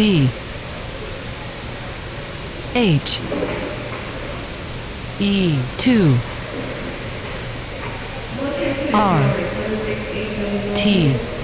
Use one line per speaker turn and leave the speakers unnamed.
D H E 2
R T